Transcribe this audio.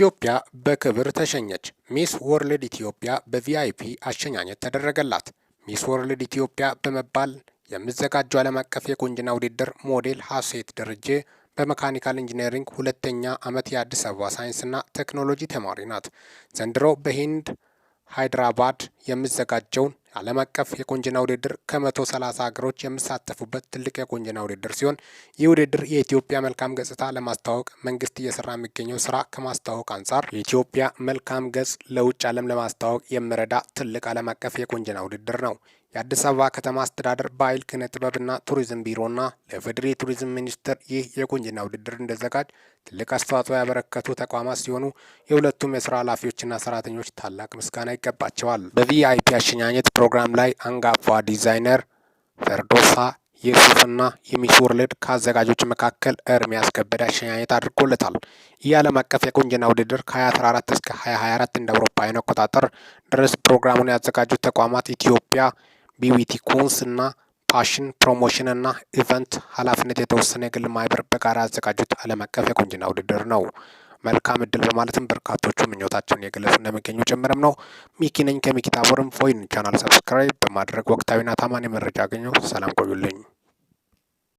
ኢትዮጵያ በክብር ተሸኘች። ሚስ ወርልድ ኢትዮጵያ በቪአይፒ አሸኛኘት ተደረገላት። ሚስ ወርልድ ኢትዮጵያ በመባል የምዘጋጀው ዓለም አቀፍ የቁንጅና ውድድር ሞዴል ሀሴት ደረጀ በመካኒካል ኢንጂነሪንግ ሁለተኛ ዓመት የአዲስ አበባ ሳይንስና ቴክኖሎጂ ተማሪ ናት። ዘንድሮ በሂንድ ሃይድራባድ የምዘጋጀውን ዓለም አቀፍ የቁንጅና ውድድር ከመቶ ሰላሳ ሀገሮች የሚሳተፉበት ትልቅ የቁንጅና ውድድር ሲሆን ይህ ውድድር የኢትዮጵያ መልካም ገጽታ ለማስተዋወቅ መንግስት እየሰራ የሚገኘው ስራ ከማስተዋወቅ አንጻር የኢትዮጵያ መልካም ገጽ ለውጭ ዓለም ለማስተዋወቅ የሚረዳ ትልቅ ዓለም አቀፍ የቁንጅና ውድድር ነው። የአዲስ አበባ ከተማ አስተዳደር ባህል ኪነ ጥበብና ቱሪዝም ቢሮና ለፌዴሬ ቱሪዝም ሚኒስቴር ይህ የቁንጅና ውድድር እንደዘጋጅ ትልቅ አስተዋጽኦ ያበረከቱ ተቋማት ሲሆኑ የሁለቱም የስራ ኃላፊዎችና ሰራተኞች ታላቅ ምስጋና ይገባቸዋል። በቪአይፒ አሸኛኘት ፕሮግራም ላይ አንጋፋ ዲዛይነር ፈርዶሳ የሱፍና የሚስ ወርልድ ከአዘጋጆች መካከል ኤርሚያስ ከበደ አሸኛኘት አድርጎለታል። ይህ ዓለም አቀፍ የቁንጅና ውድድር ከ2014 እስከ 2024 እንደ አውሮፓውያን አቆጣጠር ድረስ ፕሮግራሙን ያዘጋጁት ተቋማት ኢትዮጵያ ቢዊቲ ኩንስ እና ፓሽን ፕሮሞሽን እና ኢቨንት ኃላፊነት የተወሰነ የግል ማህበር በጋራ ያዘጋጁት ዓለም አቀፍ የቁንጅና ውድድር ነው። መልካም እድል በማለትም በርካቶቹ ምኞታቸውን የገለጹ እንደሚገኙ ጭምርም ነው። ሚኪ ነኝ ከሚኪ ታቦርም ፎይን ቻናል ሰብስክራይብ በማድረግ ወቅታዊና ታማኝ መረጃ አገኘው። ሰላም ቆዩልኝ።